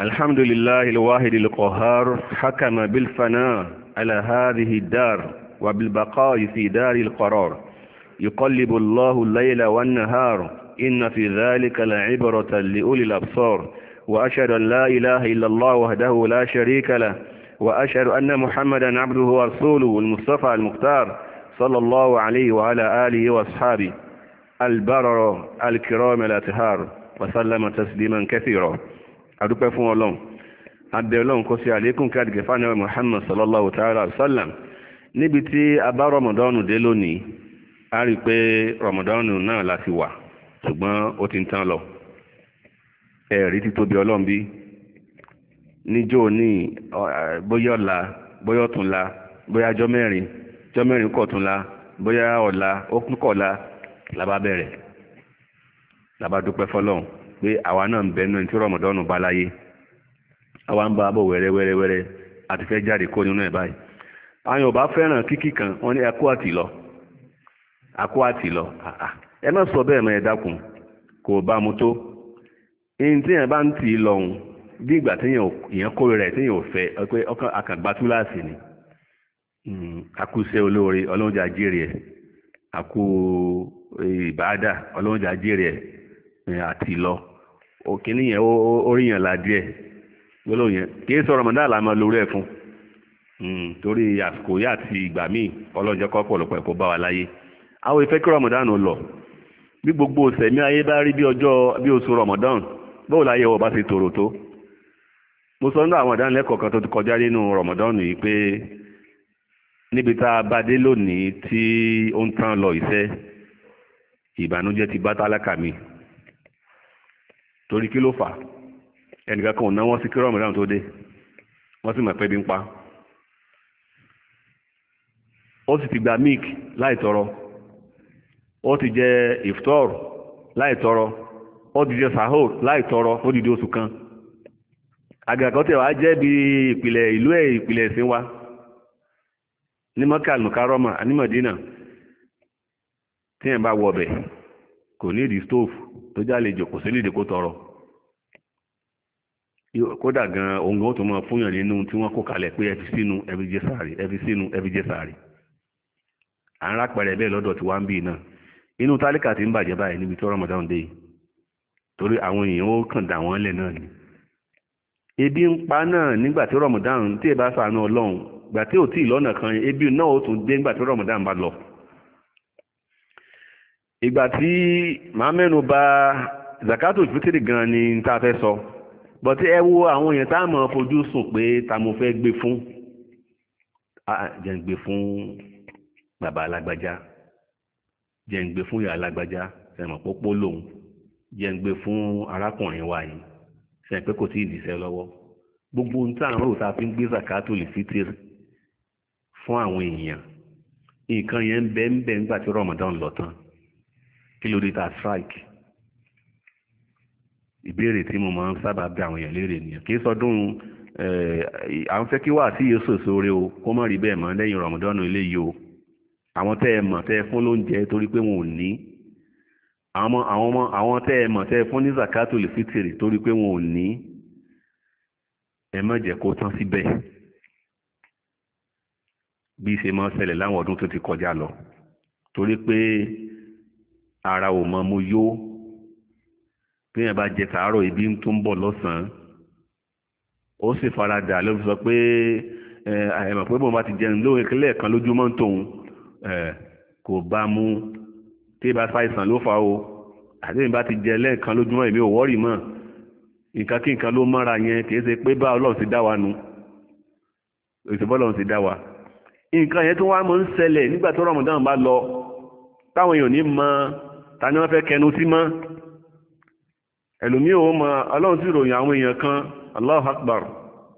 الحمد لله الواحد القهار حكم بالفناء على هذه الدار وبالبقاء في دار القرار يقلب الله الليل والنهار إن في ذلك لعبرة لأولي الأبصار وأشهد أن لا إله إلا الله وحده لا شريك له وأشهد أن محمدا عبده ورسوله المصطفى المختار صلى الله عليه وعلى آله وأصحابه البرر الكرام الأطهار وسلم تسليما كثيرا adúpẹ́ fún ọlọ́run abẹ́ ọlọ́run kó sí àlékún kí àdìgẹ́ fáwọn ẹ̀rọ Muhammad sallallahu ta'ala sallam níbi tí a bá rọmọdọ́nù dé lónìí a rí i pé rọmọdọ́nù náà láti wà ṣùgbọ́n ó ti ń tán lọ ẹ̀rí ti tóbi ọlọ́run bí níjó ní bóyá ọ̀la bóyá ọ̀túnla bóyá ọjọ́ mẹ́rin kọ̀túnla bóyá ọ̀la ó làbá bẹ̀rẹ̀ làbá dúpẹ́ fọlọ́run pé àwa náà ń bẹnu ẹni tí rọmọdọ́nù bá láyé àwa ń bá bọ̀ wẹ́rẹ́ wẹ́rẹ́ wẹ́rẹ́ àti fẹ́ jáde kó nínú ẹ̀ báyìí àwọn ọba fẹ́ràn kíkì kan wọ́n ní àti lọ akó àti lọ ẹ má sọ bẹ́ẹ̀ dakun ẹ dákun kò bá mu tó ẹni tí yẹn bá ń tì í lọ́hùn bí ìgbà tí yẹn rẹ̀ tí yẹn ò fẹ́ pé ni hmm, àti lọ òkè níyẹn oríyàn la díẹ̀ gbólóhùn yẹn kì í sọ̀rọ̀ mọ̀dá àlàmọ́ lórí ẹ̀ fún hmm, torí àsìkò yá àti ìgbà míì ọlọ́jọ́ kọ́ pọ̀lọpọ̀ ẹ̀kọ́ bá wa láyé àwọn ìfẹ́ kí rọmọdán lọ bí gbogbo sẹ̀mí ayé bá rí bí ọjọ́ bí oṣù rọmọdán bóò láyé ọba ṣe tòrò tó mo sọ nínú àwọn ìdánilẹ́kọ̀ọ́ kan tó ti kọjá nínú rọmọdán yìí pé níbi tá a bá dé lónìí tí ó ń tán lọ ìṣẹ́ ìbànújẹ́ ti bá tálákà mi torí kí ló fà ẹnìkan kan ò wọ́n sí kí rọ́ọ̀mù tó dé wọ́n sì mọ̀ pé bí ń pa ó sì ti gba milk láì tọrọ ó ti jẹ iftor láì tọrọ ó ti jẹ sahur láì tọrọ ó dìde oṣù kan àgàkọ́ tẹ̀ wá jẹ́ bí ìpìlẹ̀ ìlú ẹ̀ ìpìlẹ̀ ẹ̀sìn wa ní mọ́kà kárọ́mà ní Mọ̀dínà tí ẹ̀ bá wọ̀ bẹ̀ kò ní ìdí stóòfù tó jálejò kò sí lédè kó tọrọ kódà gan ohun gan ó tún máa fúnyàn nínú tí wọ́n kó kalẹ̀ pé ẹfi sínú ẹfi jẹ sàárì ẹfi sínú ẹfi jẹ sàárì à ń rápẹrẹ bẹ́ẹ̀ lọ́dọ̀ tí wàá ń bì náà inú tálíkà ti ń bàjẹ́ báyìí níbi tí Ramadan dé yìí torí àwọn èèyàn ó kàn dà wọ́n lẹ̀ náà ni ebi ń pa náà nígbà tí Ramadan tí bá ṣàánú Ọlọ́run gbà tí ò tí ì lọ́nà kan ebi náà ó tún dé nígbà tí Ramadan bá lọ ìgbà tí màá mẹ́nu bà zakato fitiri gan ni ta fẹ́ sọ bọ̀tí ẹ wo àwọn èèyàn tá mọ̀ fojú sùn pé ta mo fẹ́ gbé fún jẹ́ ń gbé fún bàbá alágbájá jẹ́ ń gbé fún ìyá alágbájá sẹ̀mọ̀ pópó lòun jẹ́ ń gbé fún arákùnrin wa yìí sẹ̀mọ̀ pé kò tí ì dìṣẹ́ lọ́wọ́ gbogbo ohun tá à ń rò tá a fi ń gbé zakato lè fitiri fún àwọn èèyàn nǹkan yẹn ń bẹ ń bẹ nígbà tí Ramadan lọ tán kí ló dé ta strike ìbéèrè tí mo máa ń sábà bí àwọn èèyàn léèrè nìyẹn kì í sọdún eh, à ń fẹ́ kí wà sí yóò sòso re o kó má rí bẹ́ẹ̀ mọ́ lẹ́yìn rọ̀mọdọ́nù eléyìí o àwọn tẹ́ ẹ mọ̀ tẹ́ ẹ fún lóúnjẹ torí pé wọn ò ní àwọn tẹ́ ẹ mọ̀ tẹ́ ẹ fún ní zakato lè fìtìrì torí pé wọn ò ní ẹ má jẹ́ kó tán síbẹ̀ bí ṣe máa ṣẹlẹ̀ láwọn ọdún tó ti kọjá lọ torí pé ara ò mọ mo yó bí yẹn bá jẹ tàárọ̀ ibi tó ń bọ̀ lọ́sàn-án ó sì faradà ló fi sọ pé ẹ mọ̀ pé bóun bá ti jẹun lóhun ìpínlẹ̀ kan lójúmọ́ ń tòun kò bá mu tí ìbá ṣàìsàn ló fa o àti ìbá ti jẹ lẹ́ẹ̀kan lójúmọ́ èmi ò wọ́rì mọ́ nǹkan kí nǹkan ló mọ́ra yẹn kì í ṣe pé bá ọlọ́run ti dá wa nu ìṣèbọ́lọ́run ti dá wa nǹkan yẹn tó wá mọ́ ń ṣẹlẹ̀ nígbà tó rọ̀mọ̀dán bá lọ táwọn èèyàn ní mọ́ ta ni wọ́n fẹ́ kẹnu sí mọ́ ẹlòmí ò mọ ọlọ́run sì ròyìn àwọn èèyàn kan Allahu Akbar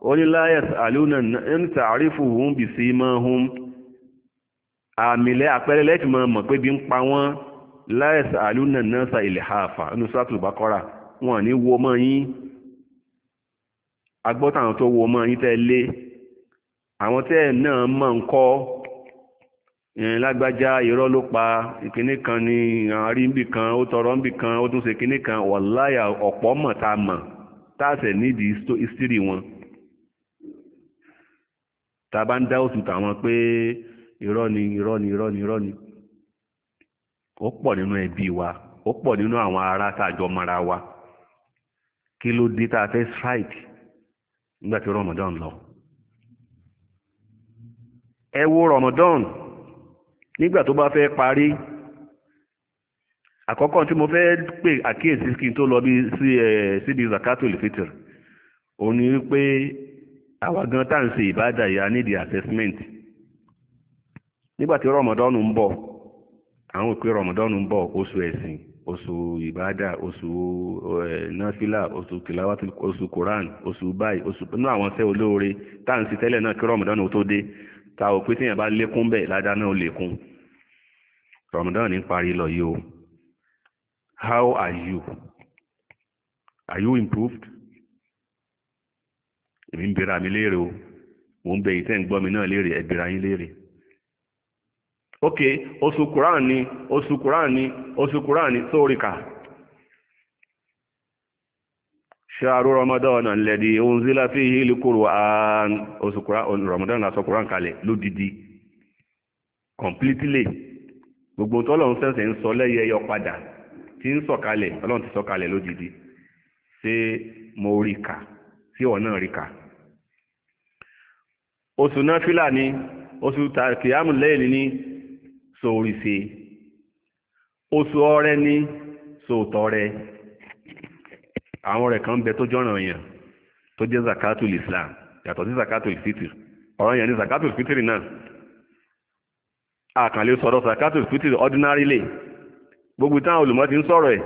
ó ní la yas'aluna ń ta'rifuhum bisimahum àmìlẹ̀ àpẹẹrẹ lẹ́tì mọ̀ mọ̀ pé bí ń pa wọ́n la yas'aluna nasa ilhafa nínú Suratul Baqara wọn ní wo mọ́ yín agbọ́tàn tó wo mọ́ yín tẹ́ lé àwọn tẹ́ náà mọ̀ ń kọ́ lágbájá irọ́ ló pa ìkíní kan ní àríǹbì kan ó tọrọ ń bì kan ó tún ṣe kíní kan wàláyà ọ̀pọ̀ mọ̀ tá mọ̀ tá a ṣẹ̀ wọn tá bá ń dá òtù tàwọn pé irọ́ ni irọ́ ni irọ́ ni irọ́ ni ó pọ̀ nínú ẹbí wa ó pọ̀ nínú àwọn ará tá mara wa kí ló dé tá a fẹ́ strike nígbà tí Ramadan lọ ẹ wo Ramadan. nígbà tó bá fẹ́ parí àkọ́kọ́ tí mo fẹ́ pè àkíyèsí kí n tó lọ síbi zakatul fitr òun ni wípé àwa gan tá à ń ṣe ìbádà ìyá nídìí assessment nígbà tí rọmọdọ́nù ń bọ̀ àwọn òpin rọmọdọ́nù ń bọ̀ oṣù ẹ̀sìn oṣù ìbádà oṣù náfìlà oṣù kìláwàtì oṣù koran oṣù báyìí oṣù nínú àwọn iṣẹ́ olóore tá à ń tẹ́lẹ̀ náà kí tó dé ta ò pé téèyàn bá lékún bẹ́ẹ̀ ládá náà ó lékún Ramadan ní parí lọ yìí how are you are you improved èmi ń bèèrè àmì léèrè o mò ń bẹ ìtẹ́ ń gbọ́ mi náà léèrè ẹ bèèrè àyín léèrè ok oṣù Quran ni oṣù Quran ni oṣù Quran ni sórí kà. ṣáàrú rọmọdọ́nà lẹ́dí ohun zílá fi ihe kúrò àán oṣù rọmọdọ́nà completely gbogbo tọ́lọ́run sẹ́sẹ̀ ń sọ lẹ́yẹ ẹyọ padà tí ń sọ̀kalẹ̀ ọlọ́run ti sọ̀kalẹ̀ lódìdí mo rí sí ọ̀nà rí oṣù ni oṣù lẹ́yìn sòrìṣe oṣù ọrẹ sòtọrẹ. àwọn rẹ̀ kan bẹ tó jọ́ràn yàn tó jẹ́ zakatul islam yàtọ̀ sí zakatul fitr ọ̀rọ̀ yàn ni zakatul fitr náà àkànlé sọ̀rọ̀ zakatul fitr ordinary lay gbogbo táwọn olùmọ̀ ti ń sọ̀rọ̀ ẹ̀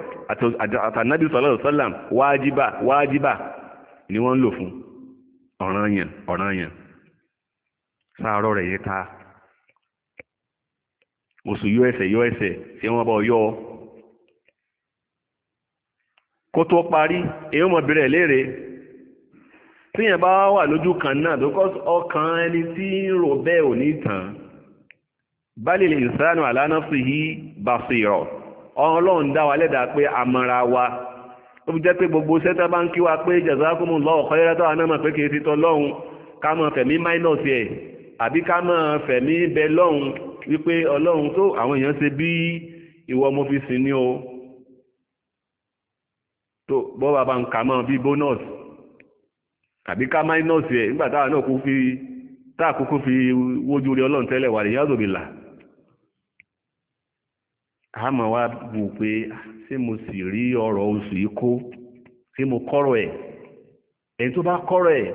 àtànábì sallallahu alaihi wasallam wájíbà wájíbà ni wọ́n ń lò fún ọ̀ràn yàn ọ̀ràn yàn sáàrọ̀ rẹ̀ yẹ ká oṣù yọ ẹsẹ̀ yọ ẹsẹ̀ tí wọ́n bá yọ kó tó parí èyí mọ̀ bẹ̀rẹ̀ léèrè tíyẹn bá wà lójú kan náà tó kọ́ ọkàn ẹni tí ń rò bẹ́ẹ̀ ò ní tàn bali lè sánú àlánà sí yí basira ọlọ́run dá wa lẹ́dàá pé amara wa ó fi jẹ́ pé gbogbo sẹ́tà bá ń kí wa pé jazakumullahu khairan tó wà náà mọ̀ pé kì í ti tọ́ lọ́hùn ká mọ̀ fẹ̀mí minus ẹ̀ àbí ká mọ̀ fẹ̀mí bẹ lọ́hùn wípé ọlọ́run tó àwọn èèyàn ṣe bí ìwọ mo fi sìn ní o tó bọ́ bàbá ń kà mọ́ bí bónọ́ọ̀sì àbí ká máínọ́ọ̀sì ẹ̀ nígbà táwa náà kú fi tá àkókò fi wójú rí ọlọ́run tẹ́lẹ̀ wà ní yàzòbìlà a mọ̀ wá wò pé ah, ṣé mo sì rí ọ̀rọ̀ oṣù yìí kó ṣé mo kọ́rọ̀ ẹ̀ ẹni tó bá kọ́rọ̀ ẹ̀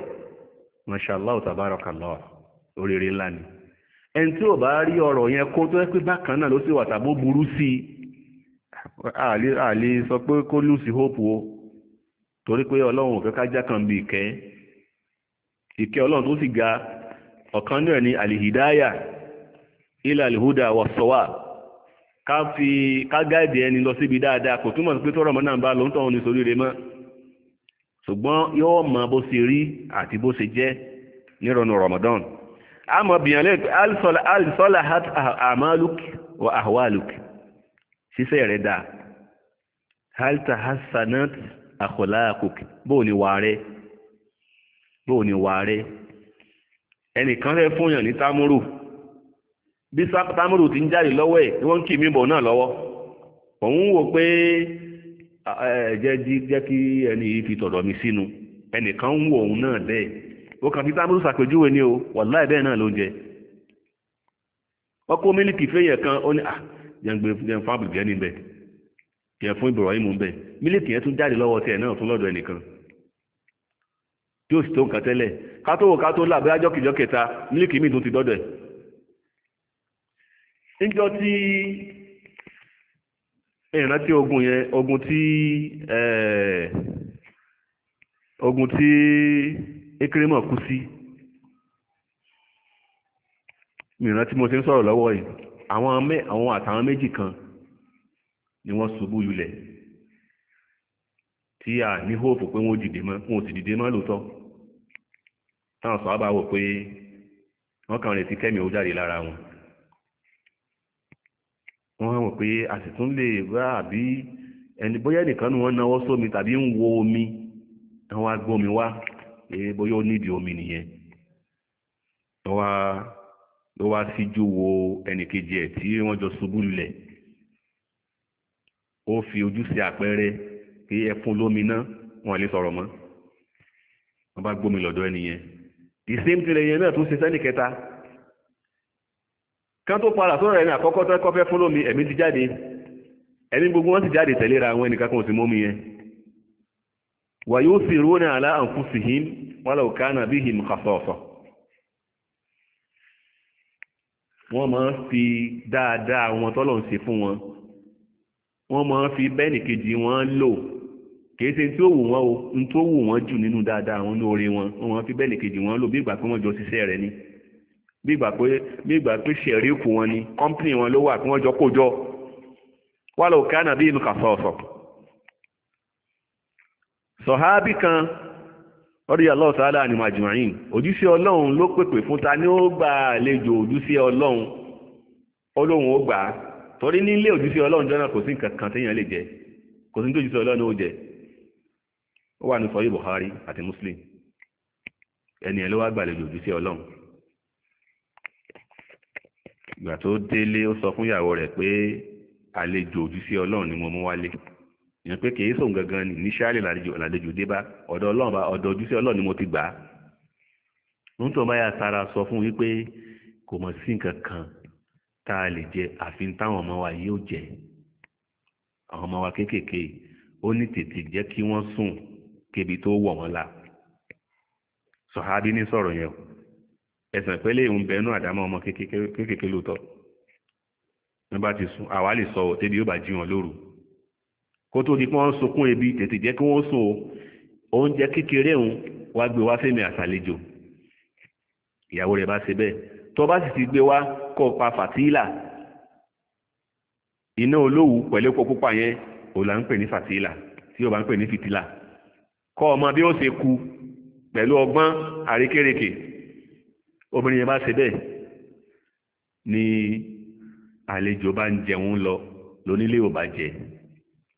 mashallah tabarakallah oríire ńlá ni ẹni tí ò bá rí ọ̀rọ̀ yẹn kó tó yẹ pé bákan náà ló sì wà tàbó burú sí i àlè sọ pé kó lùsì hope o torí pé ọlọ́run ò fẹ́ ká já kan bí ìkẹ́ ìkẹ́ ọlọ́run tó sì ga ọ̀kan náà ni àlìhìdáyà ilẹ̀ àlìhúdà wọ̀sọ́wà ká fi ká gáàdì ẹni lọ síbi dáadáa kò túmọ̀ sí pé tọ́rọ̀ mọ́ náà bá lọ ń tọ́hún ní sórí rẹ mọ́ ṣùgbọ́n yóò mọ bó ṣe rí àti bó ṣe jẹ́ nírọ̀nù Ramadan àmọ́ àmàlùkì wà ṣíṣe rẹ̀ dáa halta hassanat akhlaquk bóò ni wà rẹ̀ bóò ni wà rẹ̀ ẹnìkan rẹ̀ fúnyàn ní tamuru bí tamuru ti ń lọwọ lọ́wọ́ ẹ̀ ni wọ́n ń kì mí bọ̀ náà lọ́wọ́ òun wò pé jẹ́ kí ẹni yìí fi tọ̀dọ̀ mi sínú ẹnìkan ń wò òun náà bẹ́ẹ̀ ó kàn fi tábùrù ni o wàláì bẹ́ẹ̀ náà ló ń jẹ ọkọ mílíkì fẹ́yẹ̀ kan ó ní yẹn fún yẹn fún Ibrahim níbẹ̀ mílíkì yẹn tún jáde lọ́wọ́ tiẹ̀ náà tún lọ́dọ̀ ẹnìkan tí ó sì tó nǹkan tẹ́lẹ̀ ká tó wò ká tó lábẹ́ ajọ́kìjọ́ kẹta mílíkì ti dọ́dọ̀ ẹ̀ tí ogun yẹn ogun tí ogun tí kú sí ìrántí mo ti ń sọ̀rọ̀ lọ́wọ́ yìí àwọn àtàwọn méjì kan ni wọ́n ṣubú lulẹ̀ tí a ní hóòfù pé wọ́n dìde mọ́ wọn ò sì dìde mọ́ lóòótọ́ táwọn sọ àbáwọ̀ pé wọ́n kàn retí kẹ́mi ó jáde lára wọn wọ́n wọ̀ pé a sì tún lè wá àbí ẹni bóyá nìkan ni wọ́n náwó sómi tàbí ń wo omi wọ́n wá gbómi wá pé bóyá ó nídìí omi nìyẹn wọ́n wá ló wá síjú wo ẹnìkejì ẹ̀ tí wọ́n jọ ṣubú lulẹ̀ ó fi ojú sí àpẹẹrẹ pé ẹ fún lómi náà wọn lè sọ̀rọ̀ mọ́ wọ́n bá gbómi lọ́dọ̀ ẹnìyẹn the same thing ẹ̀yẹn náà tún ṣe sẹ́nì kẹta kan tó padà sọ̀rọ̀ ẹni àkọ́kọ́ tó kọ́ fẹ́ fún lómi ẹ̀mí ti jáde ẹ̀mí gbogbo wọn sì jáde tẹ̀léra àwọn ẹnìkan kan ò sí mómi yẹn wà yóò sì rúnà àlá àǹfùsìhìn wọn lọ kánà bíhìn kàfọ́ọ̀fọ́ wọ́n ma, ń fi dáadáa wọn tọ́lọ̀ ń ṣe fún wọn wọ́n máa ń fi bẹ́ẹ̀nì kejì wọn lò kìí ṣe tí ó wù wọ́n o n tó wù wọ́n jù nínú dáadáa wọn lóore wọn wọ́n máa ń fi bẹ́ẹ̀nì kejì wọn lò bí ìgbà pé wọ́n jọ ṣiṣẹ́ rẹ̀ ni bí ìgbà pé bí ìgbà pé ṣẹ̀rí kù wọn ni kọ́ńpìnì wọn ló wà pé wọ́n jọ kó jọ wà lóò kánà bí inú kà sọ̀ọ̀sọ̀ sọ̀hábì kan lọ́dí Allah ta'ala ni màjìmáyìn òjúṣe ọlọ́run ló pèpè fún ta ní ó gba àlejò òjúṣe ọlọ́run ọlọ́run ó gbà á torí nílé òjúṣe ọlọ́run jọ́nà kò sí nǹkan kan téèyàn lè jẹ kò sí ní tójúṣe ọlọ́run ó jẹ ó wà ní sọyí Bukhari àti Muslim ẹni ẹ̀ ló wá gbàlejò òjúṣe ọlọ́run ìgbà tó délé ó sọ fún ìyàwó rẹ̀ pé àlejò òjúṣe ọlọ́run ni mo mú wálé ìyẹn pé kìí sóun gangan ni níṣàlẹ̀ làlejò dé bá ọ̀dọ̀ ọlọ́run bá ọ̀dọ̀ ojúṣe ọlọ́run ni mo ti gbà á lóun tó báyà sára sọ fún wípé kò mọ̀ sí nǹkan kan tá a lè jẹ àfi táwọn ọmọ wa yóò jẹ àwọn ọmọ wa kéékèèké ó ní tètè jẹ́ kí wọ́n sùn kébi tó wọ̀ wọ́n la sọ̀hábí ní sọ̀rọ̀ yẹn ẹ̀sìn pẹ́lẹ́ ìhun bẹnu àdámọ́ ọmọ kéékèèké lóòótọ́ wọ́n bá sùn àwa lè sọ ọ́ yóò bá jí wọn lóru kó tó di pé wọ́n sunkún ebi tètè jẹ́ kí wọ́n sùn o oúnjẹ kékeré òun wá gbé wá fẹ́mi àtàlejò ìyàwó rẹ̀ bá ṣe bẹ́ẹ̀ tó bá sì ti gbé wá kó pa fàtílà iná olówù pẹ̀lú epo pupa yẹn ò là ń pè ní fàtílà tí ò bá ń pè ní fìtílà kọ́ ọmọ bí ó ṣe ku pẹ̀lú ọgbọ́n àríkèrèkè obìnrin yẹn bá ṣe bẹ́ẹ̀ ni àlejò bá ń jẹun lọ lónílé ò bá jẹ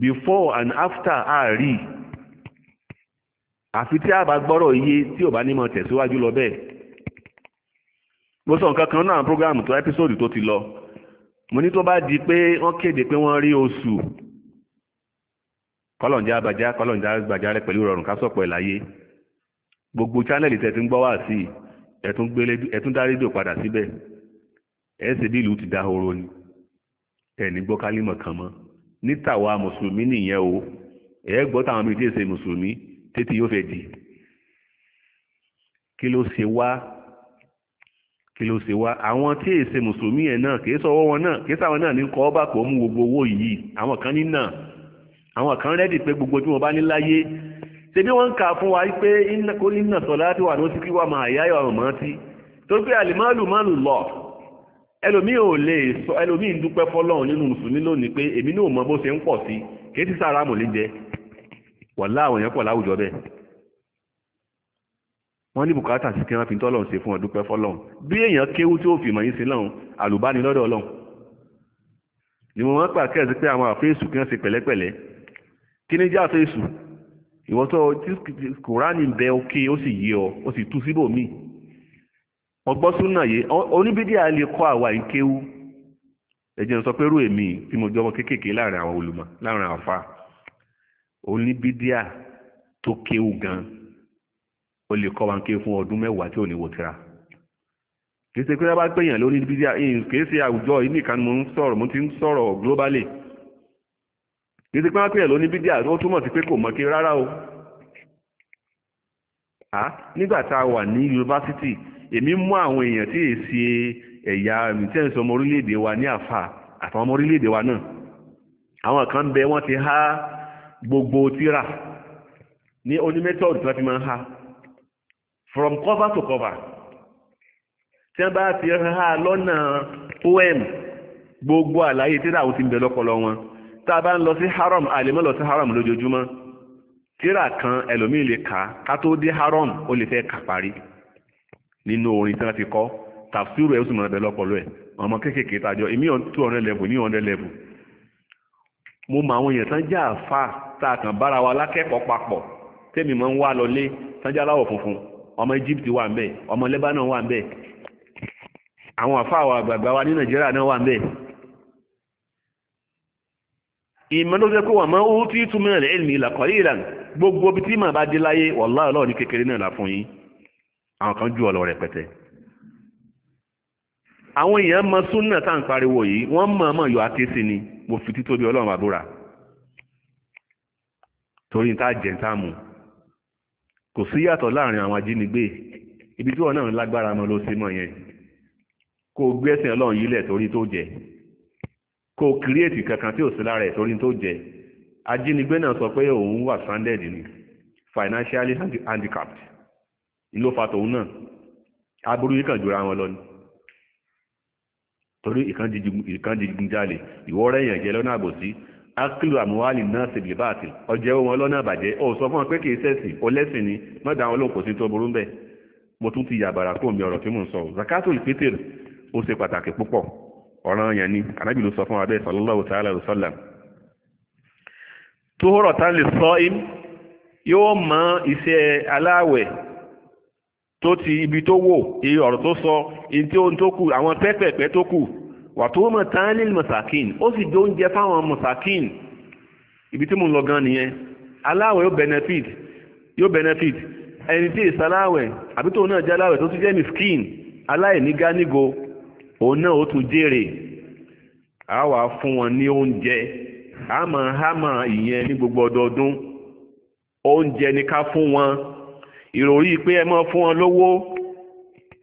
before and after àárí àfi tí a bá gbọ́rọ̀ iye tí ò bá ní mọ̀ tẹ̀síwájú lọ bẹ́ẹ̀ mo nǹkan kan náà program tó episode tó ti lọ mo ní tó bá di pé wọ́n kéde pé wọ́n rí oṣù kọlọ̀njá àbàjá kọlọ̀njá àgbàjá rẹ pẹ̀lú ìrọ̀rùn kásọ̀pọ̀ ẹ̀láyé gbogbo chánẹ́lì tẹ̀ ti ń gbọ́ wá sí ẹ̀tún dá rédíò padà síbẹ̀ ẹ̀ bí ìlú ti dá horo ni ẹ̀ ní gbọ́ kan mọ́ ní tàwa mùsùlùmí nìyẹn o ẹ gbọ́ táwọn mi tíye ṣe mùsùlùmí tètè yóò fẹ́ di kí ló ṣe wá kí ló ṣe wá àwọn tí èyí ṣe mùsùlùmí yẹn náà kì í sọ wọn náà kì í sáwọn náà ní kọ́ ọ́ bà kó mú gbogbo owó yìí àwọn kan ní náà àwọn kan rẹ́dì pé gbogbo tí wọ́n bá ní láyé ṣe bí wọ́n ń kà fún wa pé kó ní náà sọ wà ní ó ti kí wà máa yáyọ̀ àmọ́ tí torí pé àlìmọ́lù mọ́lù lọ ẹlòmí ò lè sọ ẹlòmí ń dúpẹ́ fọ́lọ́run nínú mùsùlùmí lónìí pé èmi náà mọ bó ṣe ń pọ̀ sí kì í ti sára mò lè jẹ wàhálà àwọn èèyàn pọ̀ láwùjọ bẹ́ẹ̀ wọ́n ní bùkátà sí kí wọ́n fi tọ́lọ́run ṣe fún ọ dúpẹ́ fọ́lọ́run bí èèyàn kéwú tí ó fi mọ̀ yín sí lọ́run àlùbáni lọ́dọ̀ ọlọ́run ni mo máa ń pàkẹ́ sí pé àwọn àfẹ́sù kí wọ́n ṣe pẹ̀lẹ́pẹ̀lẹ́ kí ní jẹ́ àfẹ́sù ìwọ́tọ́ tí kòránì bẹ òkè ó sì yé ọ ó sì tú síbòmíì ọgbọ́n súnà yìí oníbídíà lè kọ́ àwa ìkéwú ẹ̀jẹ̀ ń sọ pé rú èmi tí mo jọmọ kéékèèké láàrin àwọn olùmọ̀ láàrin àwọn àfa oníbídíà tó kéwú gan ó lè kọ́ wa ń ké fún ọdún mẹ́wàá tí ò ní wò tíra kì í ṣe pé wọ́n bá pèèyàn lórí bídíà kì í ṣe àwùjọ yìí mo ń sọ̀rọ̀ mo ti ń sọ̀rọ̀ globally kì í ṣe pé wọ́n pèèyàn lórí bídíà ó túmọ̀ sí pé kò mọ̀ kí rárá o nígbà tá a wà ní yunifásitì èmi mú àwọn èèyàn tí èsì ẹ̀yà ìtẹ́sọ ọmọ orílẹ̀-èdè wa ní àfà àtàwọn ọmọ orílẹ̀-èdè wa náà àwọn kan bẹ wọ́n ti há gbogbo tíra ní onímẹ́tọ̀dù tí wọ́n ti máa ń from cover to cover tí wọ́n bá ti há lọ́nà poem gbogbo àlàyé tíra àwọn ti ń bẹ lọ́pọlọ wọn tá a bá ń lọ sí haram àlèmọ́ lọ sí haram lójoojúmọ́ tíra kan ẹlòmíì lè kà á ká tó dé haram ó lè fẹ́ kà parí nínú orin tí wọ́n ti kọ́ tàfsírù ẹ̀ ó sì mọ̀ ẹ̀bẹ̀ lọ́pọ̀lọ́ ẹ̀ ọmọ kéékèèké tàjọ èmi on two hundred level ní hundred level mo mọ àwọn èèyàn tán já àfa tá a kàn bára wa lákẹ́kọ̀ọ́ papọ̀ tẹ́mi mọ́ ń wá lọlé tán já láwọ̀ funfun ọmọ Egypt wà ń bẹ̀ ọmọ Lebanon wà ń bẹ̀ àwọn àfa àwọn àgbààgbà wa ní Nàìjíríà náà wà ń bẹ̀ ìmọ̀lódé kó wà mọ́ ó tí túnmọ̀ ilmi illa qalilan gbogbo bí tí màá bá dé láyé wallahi ọlọ́ọ̀ ní kékeré náà là fún yín àwọn kan ju ọ̀lọ́ rẹpẹtẹ àwọn èèyàn mọ súnà tá à ń pariwo yìí wọ́n mọ̀ ọmọ yọ aké sí ni mo fi títóbi ọlọ́run àbúrà torí tá jẹ́ tá mú kò sí yàtọ̀ láàrin àwọn ajínigbé ibi tí wọn náà lágbára mọ ló sí mọ yẹn kó o gbé ẹsẹ̀ ọlọ́run yìí lẹ̀ torí tó jẹ kó o kírètì kankan tí ò sí lára ẹ̀ torí tó jẹ ajínigbé náà sọ pé òun wà stranded ni financially handicapped ló fa tòun náà aburú yìí kàn jura wọn lọ ni torí ìkan digunjalè ìwọ rẹ̀ yàn jẹ lọ́nà àbòsí akílù àmúhálì náà ṣèbí báàtì ọjẹ́ wọn lọ́nà àbàjẹ́ ó sọ fún wọn pé kì í ṣẹ̀sìn ọlẹ́sìn ni mọ́dà àwọn olóhùn kò sí tó burú ń bẹ̀ mo tún ti yàbàrà kó mi ọ̀rọ̀ tí mò ń sọ zakatul fitr ó ṣe pàtàkì púpọ̀ ọ̀ràn yẹn ni anábì ló sọ fún abẹ́ sallallahu ta'ala wa sallam tó tá lè sọ im yóò mọ iṣẹ́ aláwẹ̀ tó ti ibi tó wò iye ọ̀rọ̀ tó sọ iye tí ohun tó kù àwọn pẹ́pẹ̀pẹ́ tó kù wà tó mọ̀ tán ní mọ̀sákìn ó sì dó oúnjẹ fáwọn mọ̀sákìn ibi tí mo lọ gan nìyẹn aláwẹ̀ yóò benefit yóò benefit ẹni tí ìsaláwẹ̀ àbí tóun náà jẹ́ aláwẹ̀ tó tún jẹ́ miskin aláìní gánígo òun náà ó tún jèrè a wà fún wọn ní oúnjẹ àmọ́ àmọ́ ìyẹn ní gbogbo ọdọọdún oúnjẹ ni ká fún wọn irori pé ẹ fun fún wọn lówó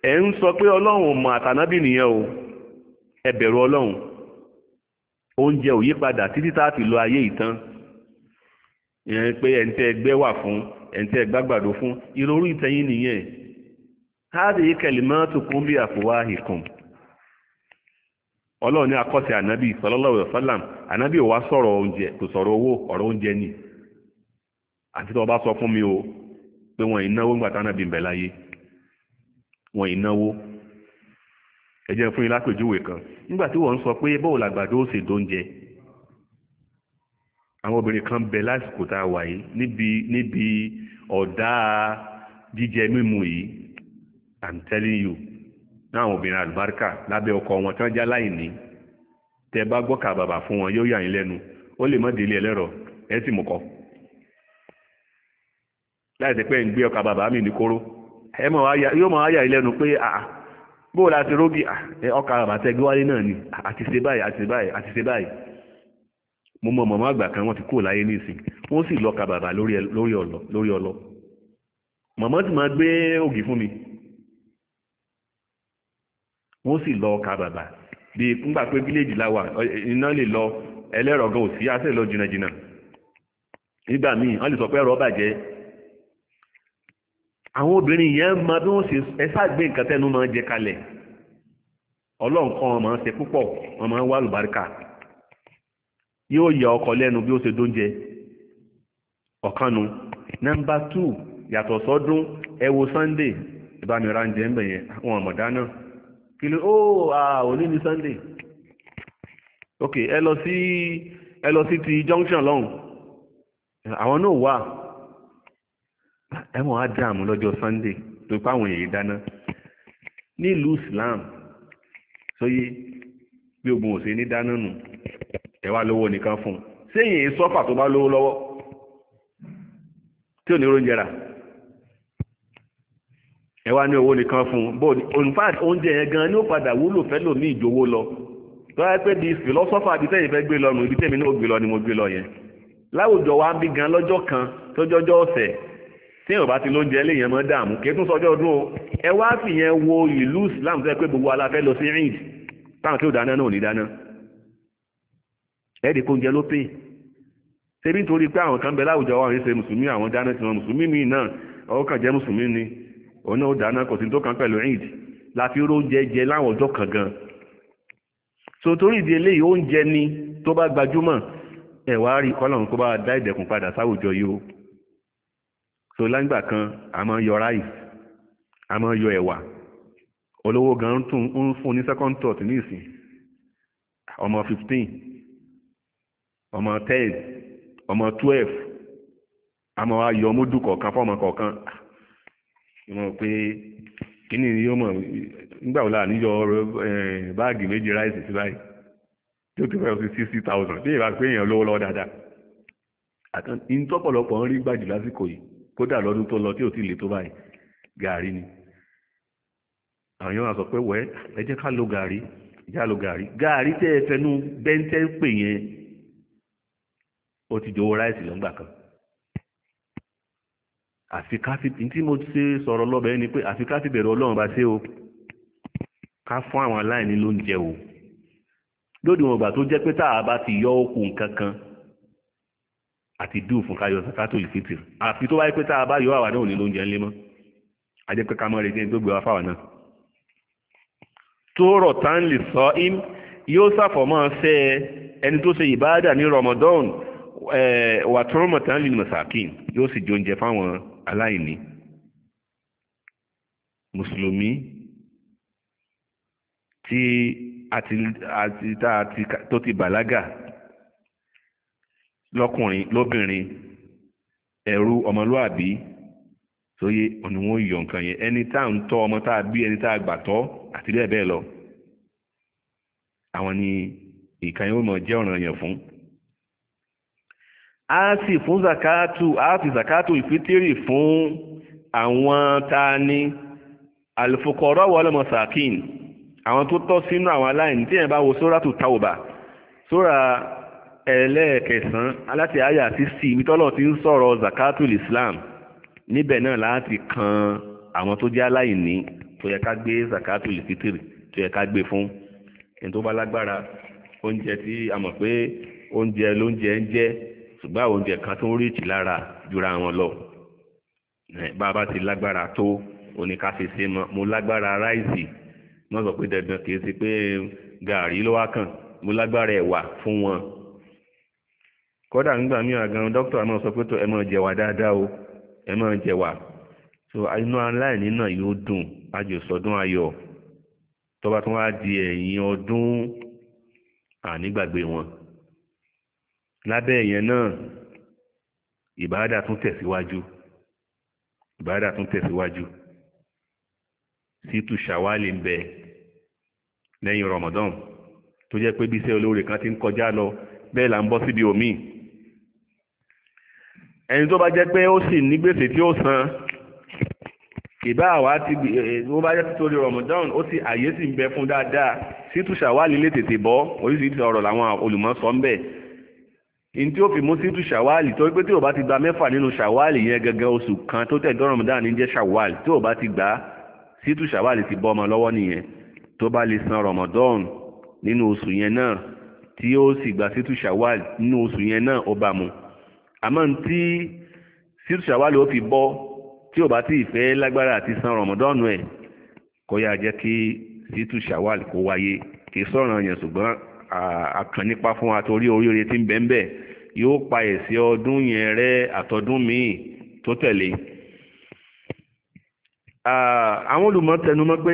ẹ ń sọ pé ọlọ́run mọ̀ o ẹ bẹ̀rù ọlọ́run oúnjẹ ò yípadà títí tá a fi pe ayé ìtàn ìyẹn pé ẹ̀ ń tẹ́ ẹgbẹ́ wà fún ẹ̀ ń ma ẹgbàgbàdo fún ìròrí ìtẹ̀yìn nìyẹn háàdì kẹlìmọ́ tó kún bí àfọwá ìkùn ọlọ́run ní akọ́sẹ̀ ànábì sallallahu alaihi ànábì ni àti tó bá sọ fún mi o pé wọ́n ìnáwó ń gbàtánà bí mbẹ̀ láyé wọ́n ìnáwó ẹ jẹ́ fún yín lápèjúwe kan nígbà tí wọ́n ń sọ pé bọ́ọ̀ làgbàdo ó sì dóúnjẹ àwọn obìnrin kan bẹ lásìkò tá a wà yìí níbi ọ̀dá jíjẹ mímu yìí i'm telling you láwọn obìnrin àlùbáríkà lábẹ́ ọkọ wọn tán já láìní tẹ bá gbọ́kà bàbà fún wọn yóò yà yín lẹ́nu ó lè mọ́ délé ẹlẹ́rọ ẹ sì mú kọ́ láìsí pé ń gbé ọkà bàbá mi ní kóró yóò mọ̀ áyà ilẹ́nu pé bóò láti rógì ọkà bàbá ni àti ṣe báyìí àti ṣe báyìí mo mọ mọ̀mọ́ àgbà kan wọ́n ti kúrò láyé nísìn wọ́n sì lọ́ka bàbá lórí ọlọ mọ̀mọ́ ti máa gbé ògì fún mi wọ́n sì lọ ọkà bàbá bí ńgbà pé fíléèjì láwà iná lè lọ ẹlẹ́rọ̀ gan òsì á sì lọ jìnnàjìnnà nígbà míì wọ́n lè sọ pé ẹ̀rọ bàjẹ́ àwọn obìnrin yẹn máa bí wọ́n ṣe ẹ̀sàgbé nǹkan tẹ́nu máa jẹ kalẹ̀ ọlọ́nkan ọmọ ṣe púpọ̀ ọmọ wà lùbáríkà yóò yà ọkọ lẹ́nu bí ó ṣe dóúnjẹ ọ̀kanu nọ́mbà tù yàtọ̀ sọ́dún ẹ wo sunday ìbámira ń jẹ́ ń bẹ̀yẹn àwọn ọ̀mọ̀dá náà kí ló ó òní ni sunday ok ẹ lọ sí ẹ lọ sí ti junction lọ́hùn àwọn náà wà ẹ̀wọ̀n á dààmú lọ́jọ́ sunday tó pa àwọn èèyàn dáná nílùú islam sóyé bí ogun ò sí ní dáná nù ẹ wá lówó nìkan fún un séyìn sọ́fà tó bá lówó lọ́wọ́ tí ò ní oúnjẹ rà ẹ wá ní owó nìkan fún un bó oúnjẹ yẹn gan ni ó padà wúlò fẹ́ lò ní ìjòwó lọ tó yẹ pé di philosopher àbí tẹ́yìn fẹ́ gbé lọ nù ibi tẹ́mi náà gbé lọ ni mo gbé lọ yẹn láwùjọ wa ń bí gan lọ́jọ́ kan tọ́jọ́jọ́ ọ̀sẹ̀ tí èèyàn bá ti ló ń jẹ léèyàn mọ́ dààmú kí tún sọjọ́ ọdún o ẹ wá fi yẹn wo ìlú Islam tó yẹ pé gbogbo aláfẹ́ lọ sí rìn táwọn tí ò dáná náà ò ní dáná ẹ̀ẹ́dì kó ń jẹ ló pè nítorí pé àwọn kan bẹ láwùjọ wa ń ṣe mùsùlùmí àwọn dáná tí wọn mùsùlùmí mi náà ọwọ́ kàn jẹ́ mùsùlùmí ni òun náà ó dáná kò sí tó kàn pẹ̀lú rìn láti róúnjẹ jẹ láwọn ọjọ́ kan gan so torí ìdí eléyìí oúnjẹ ni tó bá gbajúmọ̀ ẹ̀wà rí kọ́lọ̀ kó bá dá ìdẹ̀kùn padà sáwùjọ yìí o so lágbà kan a máa yọ ráìs a máa yọ ẹ̀wà olówó gan tún ń fún ní second thought ní ìsìn ọmọ fifteen ọmọ ten ọmọ twelve a máa wá yọ múdù kọ̀ọ̀kan fọ́ọ̀mọ kọ̀ọ̀kan ìmọ̀ pé kíní ni yóò mọ̀ nígbà wo láà níyọ báàgì méjì ráìsì sí báyìí yóò ti fẹ́ràn sí sixty thousand bí ìbá pé èèyàn lówó lọ́wọ́ dáadáa àtàn ìtọ́pọ̀lọpọ̀ ń rí gbàjù lásìkò yìí kódà lọ́dún tó lọ tí ò ti lè tó báyìí gàrí ni àwọn yóò máa sọ pé wẹ́ ẹ jẹ́ ká lo gàrí ìjà lo gàrí gàrí tẹ́ ẹ fẹnu bẹ́ńtẹ́ ń pè yẹn ó ti jowó ráìsì lọ́ngbà kan àfi káfí tí mo ṣe sọ̀rọ̀ lọ́bẹ̀ ni pé àfi káfí bẹ̀rẹ̀ ọlọ́run bá ṣe o ká fún àwọn aláìní lóúnjẹ o lódiwọ̀n ìgbà tó jẹ́ pé tá a bá ti yọ okùn kankan àti dùn fún ká yọ sàkátò ìfitìr àfi tó wáyé pé tá a bá yọ àwa náà ò ní lóúnjẹ ńlé mọ́ a jẹ́ pé ká mọ́ retí ẹni tó gbé wa fáwa náà. tó rọ̀ tán lè sọ im yóò ṣàfọ̀mọ́ fẹ́ ẹni tó ṣe ìbáàdà ní Ramadan wà tó rọ̀ tán lè mọ̀sákìn yóò sì jóúnjẹ fáwọn aláìní. mùsùlùmí tí àti tó ti bàlágà lọ́kùnrin lóbìnrin ẹ̀rú ọmọlúàbí sóyè ọ̀nà wọn yọ nǹkan yẹn ẹni tá à ń tọ́ ọmọ tá a bí ẹni tá a gbà tọ́ àti bẹ́ẹ̀ bẹ́ẹ̀ lọ àwọn ni ìkan yóò mọ̀ jẹ́ ọ̀ràn yẹn fún. a sì fún zakatu a fi zakatu ìfitiri fún àwọn tá a ní alifokoro wal masakin àwọn tó tọ́ sínú àwọn aláìní tí yẹn bá wo sóràtù tàwùbà sóra ẹlẹ́ẹ̀kẹsàn aláti àyà sí sí ibi tọ́lọ̀ ti ń sọ̀rọ̀ zakatul islam níbẹ̀ náà láti kan àwọn tó jẹ́ aláìní tó yẹ ká gbé zakatul fitiri tó yẹ ká gbé fún ẹni tó bá lágbára oúnjẹ tí a mọ̀ pé oúnjẹ lóúnjẹ ń jẹ́ ṣùgbọ́n àwọn oúnjẹ kan tó ń ríjì lára jura wọn lọ bá a bá ti lágbára tó oníkàṣeṣe mọ mo lágbára ráìsì wọ́n sọ pé dandan kì í ṣe pé gàárì ló wá kàn mo lágbára ẹ̀wà fún wọn kódà nígbà míì àgàn dókítà máa sọ pé tó ẹ máa jẹ̀wà dáadáa o ẹ máa jẹ̀wà so inú aláìní náà yóò dùn àjòsọdún ayọ̀ tó bá tún wá di ẹ̀yìn ọdún ànígbàgbé wọn lábẹ́ ìyẹn náà ìbáradà tún tẹ̀síwájú ìbáradà tún tẹ̀síwájú sítù ṣàwálì ń bẹ lẹ́yìn Ramadan tó jẹ́ pé bí iṣẹ́ olóore kan ti ń kọjá lọ bẹ́ẹ̀ là ń bọ́ síbi òmíì ẹni tó bá jẹ́ pé ó sì ní gbèsè tí ó san ìbá àwa ti eh, eh, ó bá jẹ́ títorí Ramadan ó ti àyè sì ń bẹ fún dáadáa sítúṣà wà lílé tètè bọ́ oríṣiríṣi ọ̀rọ̀ làwọn olùmọ̀sọ ń bẹ̀ ní tí ó fi mú sítú ṣàwáàlì torí pé tí ò bá ti gba mẹ́fà nínú ṣàwáàlì yẹn gangan oṣù kan tó tẹ̀dọ́ Ramadan ní jẹ́ ṣàwáàlì tí ò bá ti gbà sítú ṣàwáàlì ti bọ́ ọmọ lọ́wọ́ nìyẹn tó bá lè san Ramadan nínú oṣù yẹn náà tí ó sì gba sítú ṣàwáàlì nínú oṣù yẹn náà ó bá mu àmọ́ ní tí sírù ṣàwálì ó fi bọ́ tí ò bá tí ì fẹ́ lágbára àti san rọ̀mọ́dọ́nù ẹ̀ kó yá jẹ́ kí sírù ṣàwálì kó wáyé kì í sọ̀ràn yẹn ṣùgbọ́n àkàn nípa fún wa torí oríire tí ń bẹ ń bẹ yóò pa ẹ̀ṣẹ̀ ọdún yẹn rẹ́ àtọdún míì tó tẹ̀lé àwọn olùmọ̀ tẹnumọ́ pé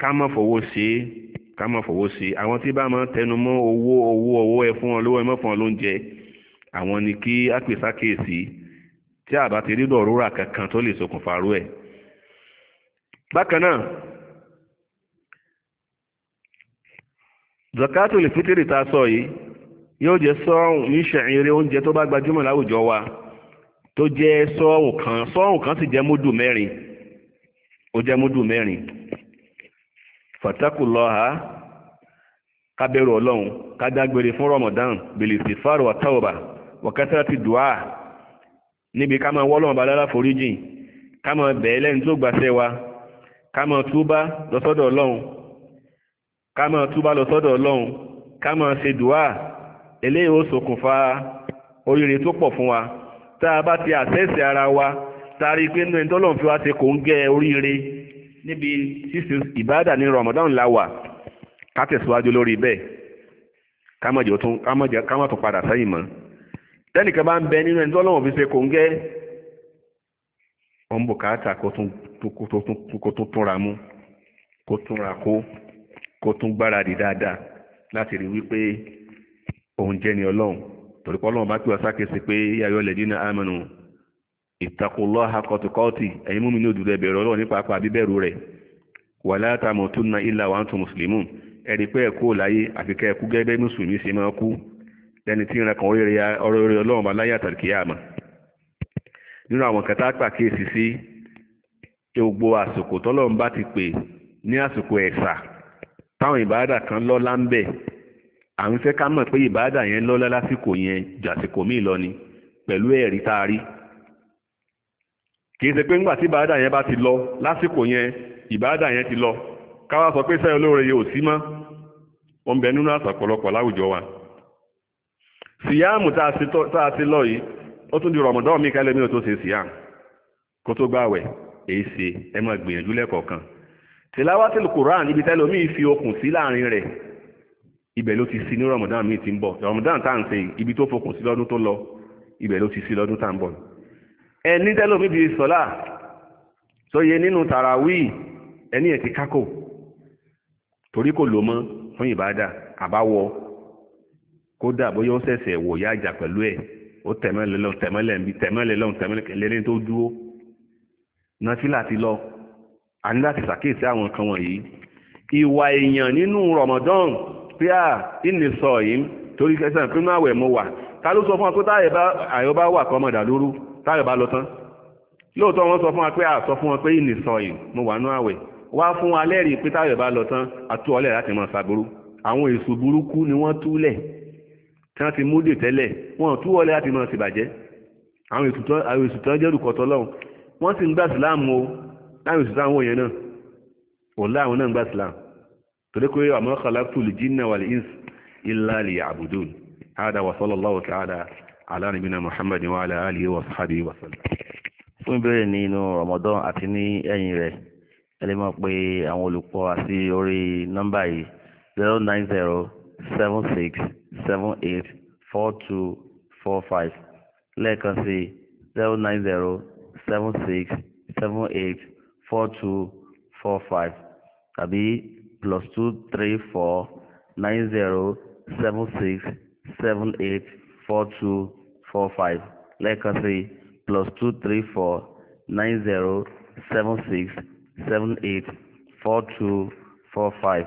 ká má fọwọ́ sí ká má fọwọ́ sí àwọn tí bá máa tẹnumọ́ owó owó owó ẹ fún ọ lówó ẹ mọ́ fún ọ lóúnjẹ àwọn ni kí á pè sákèésí tí àbá ti rí dọ̀rúrà kankan tó lè ṣokùnfà rú ẹ̀ bákan náà zakato lè fitiri ta sọ yìí yóò jẹ sọ́ọ̀hún ní ṣẹ̀yìnrẹ́ oúnjẹ tó bá gbajúmọ̀ láwùjọ wa tó jẹ́ sọ́ọ̀hún kan sọ́ọ̀hún kan sì jẹ́ múdù mẹ́rin ó jẹ́ múdù mẹ́rin fatakulọ́ha kábẹ̀rù ọlọ́run kádágbére fún Ramadan bèlè sí fáàrọ̀ àtàwọ̀bà wọ̀kẹ́sẹ́ ti dùá níbi ká máa wọ́lọ́mọ̀ bá lára foríjìn ká máa bẹ̀ẹ́ lẹ́ni tó gbàṣẹ́ wa ká máa túbá lọ́sọ́dọ̀ ọlọ́run ká máa túbá lọ́sọ́dọ̀ ọlọ́run ká máa ṣe dùá eléyìí ó ṣokùnfà oríire tó pọ̀ fún wa tá a bá ti àṣẹ́sẹ̀ ara wa tá a rí i pé fi wá ṣe kò ń gẹ́ oríire níbi sísìn ìbádà ní Ramadan la wà ká tẹ̀síwájú lórí bẹ́ẹ̀ ká má jẹ́ tún padà sẹ́yìn mọ́ tẹ́nìkan bá ń bẹ nínú ẹni tọ́lọ́wọ̀n fi ṣe kò ń gẹ́ ọ̀n bùkátà kó tún túnra mú kó túnra kó kó tún gbáradì dáadáa láti rí wípé òun jẹ́ ni ọlọ́run torí ọlọ́run bá pè sákèsí pé yíyáyọ́ lẹ̀ dínà ámánù ní ọlọ́run nípa apá bíbẹ̀rù rẹ̀ ẹ̀rí pé lẹ́ni tí ìran kan oríire ọ̀rọ̀ orí ọlọ́run bá láyé àtàkì àmọ́ nínú àwọn kẹta pàkíyèsí sí gbogbo àsìkò tọ́lọ́run bá ti pè ní àsìkò ẹ̀sà táwọn ìbáradà kan lọ́lá ń bẹ àwọn fẹ́ ká mọ̀ pé ìbáradà yẹn lọ́lá lásìkò yẹn jàsìkò míì lọ ni pẹ̀lú ẹ̀rí tá a rí kì í ṣe pé ńgbà tí ìbáradà yẹn bá ti lọ lásìkò yẹn ìbáradà yẹn ti lọ káwá sọ pé sẹ́yìn olóore yìí sí mọ́ ó ń bẹ nínú àṣà ọ̀pọ̀lọpọ̀ láwùjọ wa síyáàmù tá a ti lọ yìí ó tún di rọ̀mọ̀dán mi kálẹ̀ mi ò tó ṣe síyáàmù kó tó gbàwẹ̀ èyí ṣe ẹ máa gbìyànjú lẹ́kọ̀ọ̀kan tìláwátìlù Quran ibi tẹ́lẹ̀ omi fi okùn sí láàrin rẹ̀ ibẹ̀ ló ti sí ní rọ̀mọ̀dán mi ti ń bọ̀ rọ̀mọ̀dán tá à ń ṣe ibi tó fokùn sí lọ́dún tó lọ ibẹ̀ ló ti sí lọ́dún tá à ń bọ̀ ẹni tẹ́lẹ̀ omi bi sọ́lá tó yẹ nínú tàràwíì ẹni ẹ̀ ti kákò torí kò lò mọ́ fún ìbádà àbáwọ̀ kódà bóyá ó ṣẹ̀ṣẹ̀ wò ya ìjà pẹ̀lú ẹ̀ ó tẹ̀mẹ́lẹ̀ lọ tẹ̀mẹ́lẹ̀ nbí tẹ̀mẹ́lẹ̀ lọ tẹ̀mẹ́lẹ̀ lẹ́ni tó dúró nọfílà ti lọ a ní láti ṣàkíyèsí àwọn nǹkan wọ̀nyí ìwà èèyàn nínú Ramadan pé à ìní sọ yìí torí kẹsàn pé máa wẹ̀ mo wà ta ló sọ fún wa pé táyọ̀ bá àyọ̀ bá wà kọ́ mọ̀dà lóru táyọ̀ bá lọ tán lóòótọ́ wọ́n sọ fún wa pé à sọ fún wa pé ìní sọ yìí mo wà nú àwẹ̀ wá fún wa lẹ́rìí pé táyọ̀ bá lọ tán àtúwọlẹ̀ láti mọ̀ ṣàbúrú àwọn èso burúkú ni wọ́n túlẹ̀ tí wọ́n ti múdè tẹ́lẹ̀ wọn tú wọlé láti máa ṣèbàjẹ́ àwọn èsù tán jẹ́rù kọ̀tọ̀ lọ́hùn wọ́n sì ń gbà síláàmù o láwọn èsù táwọn yẹn náà ọ̀la àwọn náà ń gbà síláàmù torí pé àmọ́ kàlákùtù lè jí náà wà lè ins ilá lè àbùdó hádà wà sọ́lọ́ lọ́wọ́ tí hádà alárìnbínà Muhammad wa alẹ́ àlìyé wa sàhábì fún ìbéèrè ní inú Ramadan àti ní ẹ̀yìn rẹ̀ ẹ lè pé àwọn olùkọ́ àti orí nọ́mbà yìí zero seven six seven eight four two four five lẹ́ẹ̀kan sí zero nine zero seven six seven eight four two four five tàbí plus two three four nine zero seven six seven eight four two four five lẹ́ẹ̀kan sí plus two three four nine zero seven six seven eight four two four five.